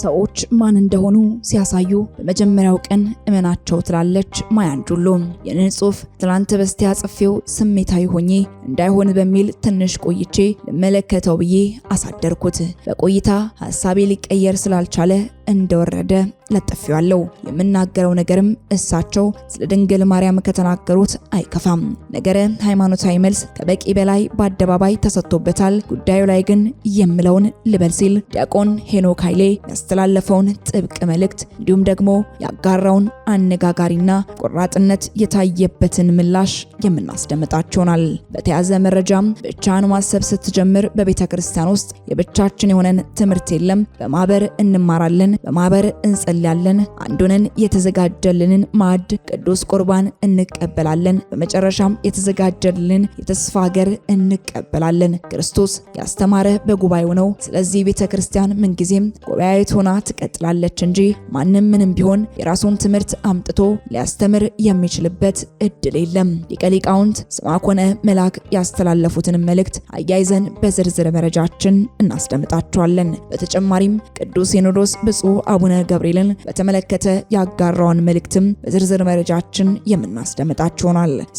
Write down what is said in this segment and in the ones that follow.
ሰዎች ማን እንደሆኑ ሲያሳዩ በመጀመሪያው ቀን እመናቸው ትላለች ማያ አንጀሎ። ይህንን ጽሑፍ ትናንት በስቲያ ጽፌው ስሜታዊ ሆኜ እንዳይሆን በሚል ትንሽ ቆይቼ ልመለከተው ብዬ አሳደርኩት። በቆይታ ሀሳቤ ሊቀየር ስላልቻለ እንደወረደ ለጥፌዋለሁ። የምናገረው ነገርም እሳቸው ስለ ድንግል ማርያም ከተናገሩት አይከፋም። ነገረ ሃይማኖታዊ መልስ ከበቂ በላይ በአደባባይ ተሰጥቶበታል። ጉዳዩ ላይ ግን የምለውን ልበል ሲል ዲያቆን ሄኖክ ኃይሌ ያስተላለፈውን ጥብቅ መልእክት እንዲሁም ደግሞ ያጋራውን አነጋጋሪና ቆራጥነት የታየበትን ምላሽ የምናስደምጣቸውናል። በተያዘ መረጃም ብቻን ማሰብ ስትጀምር በቤተ ክርስቲያን ውስጥ የብቻችን የሆነን ትምህርት የለም፣ በማህበር እንማራለን፣ በማህበር እንጸ እንጸልያለን፣ አንዱንን የተዘጋጀልንን ማዕድ ቅዱስ ቁርባን እንቀበላለን። በመጨረሻም የተዘጋጀልንን የተስፋ ሀገር እንቀበላለን። ክርስቶስ ያስተማረ በጉባኤው ነው። ስለዚህ ቤተ ክርስቲያን ምንጊዜም ጉባኤት ሆና ትቀጥላለች እንጂ ማንም ምንም ቢሆን የራሱን ትምህርት አምጥቶ ሊያስተምር የሚችልበት እድል የለም። ሊቀ ሊቃውንት ስምዐኮነ መልአክ ያስተላለፉትንም መልእክት አያይዘን በዝርዝር መረጃችን እናስደምጣቸዋለን። በተጨማሪም ቅዱስ ሲኖዶስ ብፁዕ አቡነ ገብርኤልን መሆናችንን በተመለከተ ያጋራውን መልእክትም በዝርዝር መረጃችን የምናስደምጣችሁ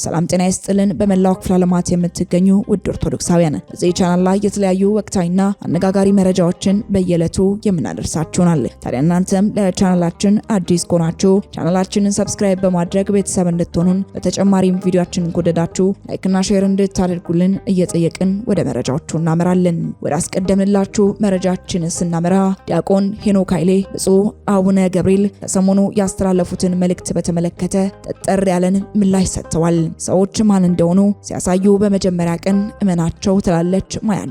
ሰላም ጤና ይስጥልን። በመላው ክፍለ ዓለማት የምትገኙ ውድ ኦርቶዶክሳውያን በዚህ ቻናል ላይ የተለያዩ ወቅታዊና አነጋጋሪ መረጃዎችን በየዕለቱ የምናደርሳችሁ ታዲያ እናንተም ለቻናላችን አዲስ ከሆናችሁ ቻናላችንን ሰብስክራይብ በማድረግ ቤተሰብ እንድትሆኑን በተጨማሪም ቪዲዮችንን ከወደዳችሁ ላይክና ሼር እንድታደርጉልን እየጠየቅን ወደ መረጃዎቹ እናመራለን። ወደ አስቀደምንላችሁ መረጃችን ስናመራ ዲያቆን ሄኖክ ኃይሌ ብፁዕ አቡነ አቡነ ገብርኤል ከሰሞኑ ያስተላለፉትን መልእክት በተመለከተ ጠጠር ያለን ምላሽ ሰጥተዋል። ሰዎች ማን እንደሆኑ ሲያሳዩ በመጀመሪያ ቀን እመናቸው ትላለች ማያ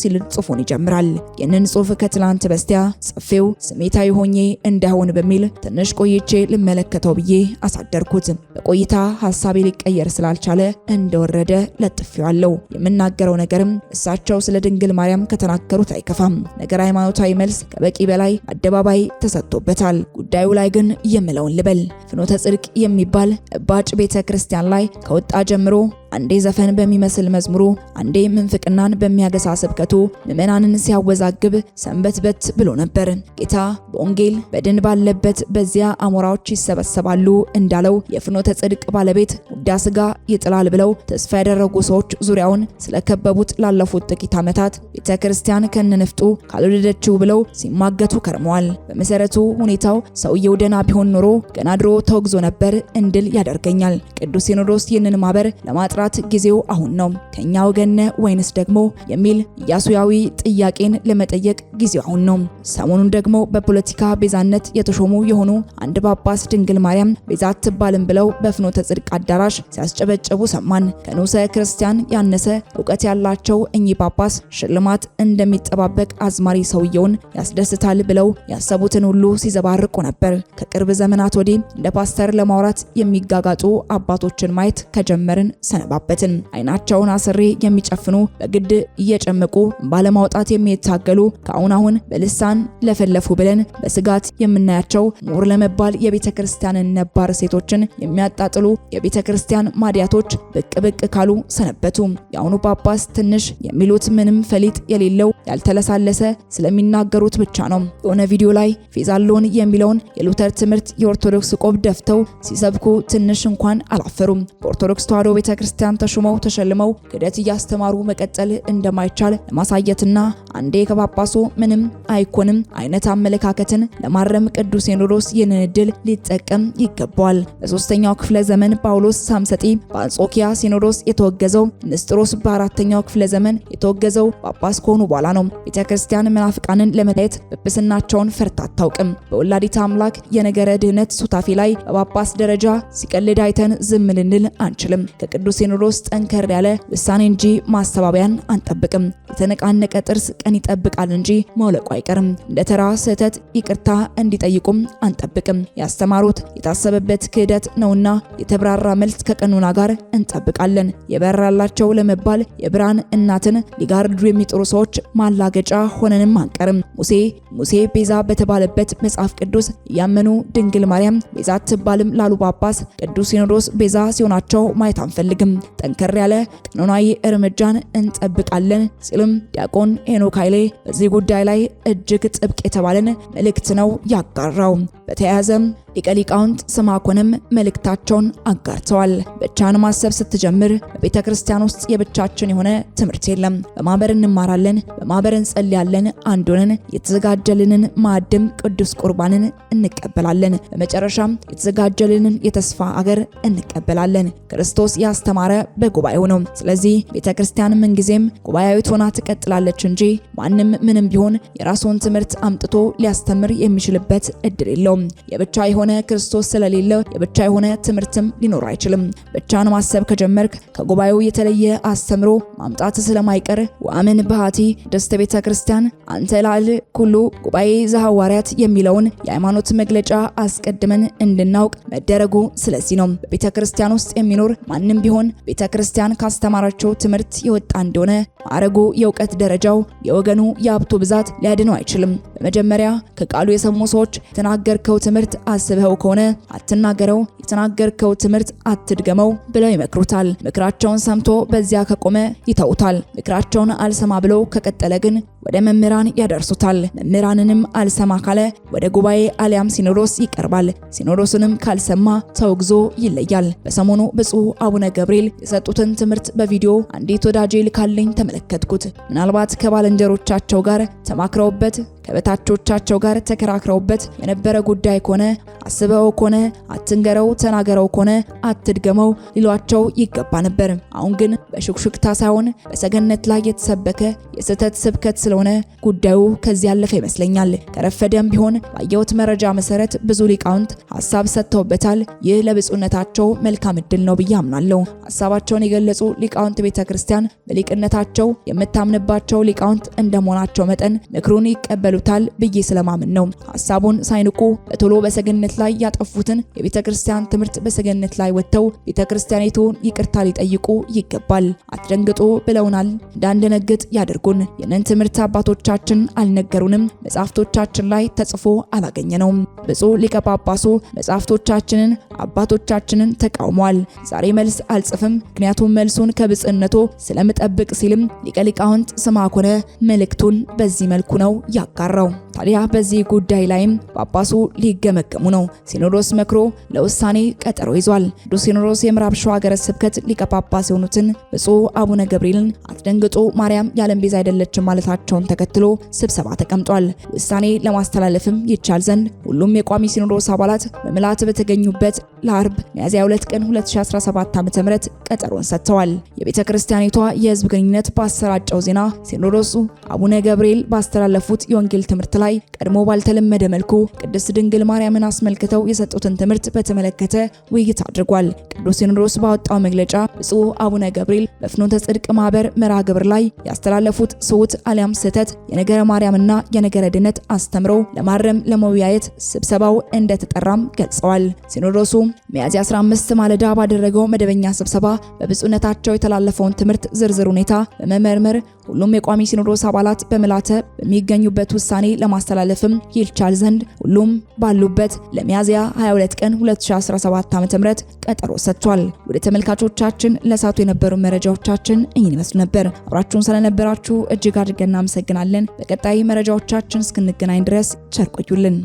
ሲል ጽሑፉን ይጀምራል። ይህንን ጽሑፍ ከትላንት በስቲያ ጽፌው ስሜታዊ ሆኜ እንዳይሆን በሚል ትንሽ ቆይቼ ልመለከተው ብዬ አሳደርኩት። በቆይታ ሀሳቤ ሊቀየር ስላልቻለ እንደወረደ ለጥፌዋለሁ። የምናገረው ነገርም እሳቸው ስለ ድንግል ማርያም ከተናገሩት አይከፋም። ነገር ሃይማኖታዊ መልስ ከበቂ በላይ አደባባይ ተሰጥቶበታል። አድርጎታል። ጉዳዩ ላይ ግን የምለውን ልበል ፍኖተ ጽድቅ የሚባል እባጭ ቤተ ክርስቲያን ላይ ከወጣ ጀምሮ አንዴ ዘፈን በሚመስል መዝሙሩ፣ አንዴ ምንፍቅናን በሚያገሳ ስብከቱ ምዕመናንን ሲያወዛግብ ሰንበትበት ብሎ ነበር። ጌታ በወንጌል በድን ባለበት በዚያ አሞራዎች ይሰበሰባሉ እንዳለው የፍኖተ ጽድቅ ባለቤት ውዳ ስጋ ይጥላል ብለው ተስፋ ያደረጉ ሰዎች ዙሪያውን ስለከበቡት ላለፉት ጥቂት ዓመታት ቤተ ክርስቲያን ከነንፍጡ ካልወደደችው ብለው ሲማገቱ ከርመዋል። በመሰረቱ ሁኔታው ሰውየው ደና ቢሆን ኖሮ ገና ድሮ ተወግዞ ነበር እንድል ያደርገኛል። ቅዱስ ሲኖዶስ ይህንን ማህበር ለማጥራት ለመፍራት ጊዜው አሁን ነው፣ ከኛ ወገነ ወይንስ ደግሞ የሚል ኢያሱያዊ ጥያቄን ለመጠየቅ ጊዜው አሁን ነው። ሰሞኑን ደግሞ በፖለቲካ ቤዛነት የተሾሙ የሆኑ አንድ ጳጳስ ድንግል ማርያም ቤዛ አትባልም ብለው በፍኖተ ጽድቅ አዳራሽ ሲያስጨበጨቡ ሰማን። ከንዑሰ ክርስቲያን ያነሰ እውቀት ያላቸው እኚህ ጳጳስ ሽልማት እንደሚጠባበቅ አዝማሪ ሰውየውን ያስደስታል ብለው ያሰቡትን ሁሉ ሲዘባርቁ ነበር። ከቅርብ ዘመናት ወዲህ እንደ ፓስተር ለማውራት የሚጋጋጡ አባቶችን ማየት ከጀመርን ሰነባ አልገባበትም። አይናቸውን አስሬ የሚጨፍኑ በግድ እየጨመቁ ባለማውጣት የሚታገሉ ከአሁን አሁን በልሳን ለፈለፉ ብለን በስጋት የምናያቸው ምሁር ለመባል የቤተ ክርስቲያንን ነባር ሴቶችን የሚያጣጥሉ የቤተ ክርስቲያን ማዲያቶች ብቅ ብቅ ካሉ ሰነበቱ። የአሁኑ ጳጳስ ትንሽ የሚሉት ምንም ፈሊጥ የሌለው ያልተለሳለሰ ስለሚናገሩት ብቻ ነው። የሆነ ቪዲዮ ላይ ፌዛሎን የሚለውን የሉተር ትምህርት የኦርቶዶክስ ቆብ ደፍተው ሲሰብኩ ትንሽ እንኳን አላፈሩም። በኦርቶዶክስ ተዋሕዶ ቤተክርስቲያን ተሹመው ተሸልመው ክደት እያስተማሩ መቀጠል እንደማይቻል ለማሳየትና አንዴ ከጳጳሱ ምንም አይኮንም አይነት አመለካከትን ለማረም ቅዱስ ሲኖዶስ ይህንን እድል ሊጠቀም ይገባዋል። በሶስተኛው ክፍለ ዘመን ጳውሎስ ሳምሰጢ በአንጾኪያ ሲኖዶስ የተወገዘው፣ ንስጥሮስ በአራተኛው ክፍለ ዘመን የተወገዘው ጳጳስ ከሆኑ በኋላ ነው። ቤተ ክርስቲያን መናፍቃንን ለመለየት ጵጵስናቸውን ፈርታ አታውቅም። በወላዲተ አምላክ የነገረ ድህነት ሱታፌ ላይ በጳጳስ ደረጃ ሲቀልድ አይተን ዝም ልንል አንችልም። ከቅዱስ ሲኖዶስ ጠንከር ያለ ውሳኔ እንጂ ማስተባበያን አንጠብቅም። የተነቃነቀ ጥርስ ቀን ይጠብቃል እንጂ መውለቁ አይቀርም። እንደ ተራ ስህተት ይቅርታ እንዲጠይቁም አንጠብቅም። ያስተማሩት የታሰበበት ክህደት ነውና የተብራራ መልስ ከቀኑና ጋር እንጠብቃለን። የበራላቸው ለመባል የብርሃን እናትን ሊጋርዱ የሚጥሩ ሰዎች ማላገጫ ሆነንም አንቀርም። ሙሴ ሙሴ ቤዛ በተባለበት መጽሐፍ ቅዱስ ያመኑ ድንግል ማርያም ቤዛ አትባልም ላሉ ጳጳስ ቅዱስ ሲኖዶስ ቤዛ ሲሆናቸው ማየት አንፈልግም፣ ጠንከር ያለ ቀኖናዊ እርምጃን እንጠብቃለን ሲልም ዲያቆን ሄኖክ ኃይሌ በዚህ ጉዳይ ላይ እጅግ ጥብቅ የተባለን መልእክት ነው ያጋራው። በተያያዘም ሊቀ ሊቃውንት ስምዐኮንም መልእክታቸውን አጋርተዋል። ብቻን ማሰብ ስትጀምር በቤተ ክርስቲያን ውስጥ የብቻችን የሆነ ትምህርት የለም። በማህበር እንማራለን፣ በማህበር እንጸልያለን፣ አንዱንን የተዘጋጀልንን ማዕድም ቅዱስ ቁርባንን እንቀበላለን። በመጨረሻም የተዘጋጀልንን የተስፋ አገር እንቀበላለን። ክርስቶስ ያስተማረ በጉባኤው ነው። ስለዚህ ቤተ ክርስቲያን ምንጊዜም ጉባኤያዊት ሆና ትቀጥላለች እንጂ ማንም ምንም ቢሆን የራሱን ትምህርት አምጥቶ ሊያስተምር የሚችልበት እድል የለውም። የብቻ የሆነ ክርስቶስ ስለሌለ የብቻ የሆነ ትምህርትም ሊኖር አይችልም። ብቻን ማሰብ ከጀመርክ ከጉባኤው የተለየ አስተምሮ ማምጣት ስለማይቀር ወአምን ባህቲ ደስተ ቤተ ክርስቲያን አንተ ላል ኩሉ ጉባኤ ዘሐዋርያት የሚለውን የሃይማኖት መግለጫ አስቀድመን እንድናውቅ መደረጉ ስለዚህ ነው። በቤተ ክርስቲያን ውስጥ የሚኖር ማንም ቢሆን ቤተ ክርስቲያን ካስተማራቸው ትምህርት የወጣ እንደሆነ ማዕረጉ፣ የእውቀት ደረጃው፣ የወገኑ የሀብቱ ብዛት ሊያድነው አይችልም። በመጀመሪያ ከቃሉ የሰሙ ሰዎች የተናገርከው ትምህርት አስ አስበኸው ከሆነ አትናገረው፣ የተናገርከው ትምህርት አትድገመው ብለው ይመክሩታል። ምክራቸውን ሰምቶ በዚያ ከቆመ ይተውታል። ምክራቸውን አልሰማ ብለው ከቀጠለ ግን ወደ መምህራን ያደርሱታል። መምህራንንም አልሰማ ካለ ወደ ጉባኤ አሊያም ሲኖዶስ ይቀርባል። ሲኖዶስንም ካልሰማ ተወግዞ ይለያል። በሰሞኑ ብፁዕ አቡነ ገብርኤል የሰጡትን ትምህርት በቪዲዮ አንዲት ወዳጄ ልካልኝ ተመለከትኩት። ምናልባት ከባልንጀሮቻቸው ጋር ተማክረውበት ከበታቾቻቸው ጋር ተከራክረውበት የነበረ ጉዳይ ከሆነ አስበው ከሆነ አትንገረው፣ ተናገረው ከሆነ አትድገመው ሊሏቸው ይገባ ነበር። አሁን ግን በሹክሹክታ ሳይሆን በሰገነት ላይ የተሰበከ የስህተት ስብከት ስለሆነ ጉዳዩ ከዚህ ያለፈ ይመስለኛል። ከረፈደም ቢሆን ባየሁት መረጃ መሰረት ብዙ ሊቃውንት ሀሳብ ሰጥተውበታል። ይህ ለብፁዕነታቸው መልካም እድል ነው ብዬ አምናለሁ። ሀሳባቸውን የገለጹ ሊቃውንት ቤተ ክርስቲያን በሊቅነታቸው የምታምንባቸው ሊቃውንት እንደመሆናቸው መጠን ምክሩን ይቀበሉ ይበሉታል ብዬ ስለማምን ነው። ሀሳቡን ሳይንቁ በቶሎ በሰገነት ላይ ያጠፉትን የቤተ ክርስቲያን ትምህርት በሰገነት ላይ ወጥተው ቤተ ክርስቲያኒቱ ይቅርታ ሊጠይቁ ይገባል። አትደንግጡ ብለውናል፣ እንዳንደነግጥ ያደርጉን። ይህንን ትምህርት አባቶቻችን አልነገሩንም፣ መጽሐፍቶቻችን ላይ ተጽፎ አላገኘ ነው። ብፁዕ ሊቀ ጳጳሱ መጽሐፍቶቻችንን አባቶቻችንን ተቃውሟል። ዛሬ መልስ አልጽፍም፣ ምክንያቱም መልሱን ከብጽዕነቶ ስለምጠብቅ ሲልም ሊቀ ሊቃውንት ስምዐኮነ መልእክቱን በዚህ መልኩ ነው ያጋ ያጋራው። ታዲያ በዚህ ጉዳይ ላይም ጳጳሱ ሊገመገሙ ነው። ሲኖዶስ መክሮ ለውሳኔ ቀጠሮ ይዟል። ቅዱስ ሲኖዶስ የምዕራብ ሸዋ ሀገረ ስብከት ሊቀ ጳጳስ የሆኑትን ብፁዕ አቡነ ገብርኤልን አትደንግጦ ማርያም የዓለም ቤዛ አይደለችም ማለታቸውን ተከትሎ ስብሰባ ተቀምጧል። ውሳኔ ለማስተላለፍም ይቻል ዘንድ ሁሉም የቋሚ ሲኖዶስ አባላት በምልዓት በተገኙበት ለአርብ ሚያዝያ 2 ቀን 2017 ዓ.ም ቀጠሮን ሰጥተዋል። የቤተ ክርስቲያኒቷ የህዝብ ግንኙነት ባሰራጨው ዜና ሲኖዶሱ አቡነ ገብርኤል ባስተላለፉት የወንጌል የወንጌል ትምህርት ላይ ቀድሞ ባልተለመደ መልኩ ቅድስት ድንግል ማርያምን አስመልክተው የሰጡትን ትምህርት በተመለከተ ውይይት አድርጓል። ቅዱስ ሲኖዶስ ባወጣው መግለጫ ብፁዕ አቡነ ገብርኤል በፍኖተ ጽድቅ ማህበር መርሃ ግብር ላይ ያስተላለፉት ስውት አሊያም ስህተት የነገረ ማርያምና የነገረ ድነት አስተምሮ ለማረም ለመወያየት ስብሰባው እንደተጠራም ገልጸዋል። ሲኖዶሱ ሚያዝያ 15 ማለዳ ባደረገው መደበኛ ስብሰባ በብፁዕነታቸው የተላለፈውን ትምህርት ዝርዝር ሁኔታ በመመርመር ሁሉም የቋሚ ሲኖዶስ አባላት በምላተ በሚገኙበት ውሳኔ ለማስተላለፍም ይልቻል ዘንድ ሁሉም ባሉበት ለሚያዝያ 22 ቀን 2017 ዓ.ም ቀጠሮ ሰጥቷል። ወደ ተመልካቾቻችን ለሳቱ የነበሩ መረጃዎቻችን እኝን ይመስሉ ነበር። አብራችሁን ስለነበራችሁ እጅግ አድርገን እናመሰግናለን። በቀጣይ መረጃዎቻችን እስክንገናኝ ድረስ ቸር ቆዩልን።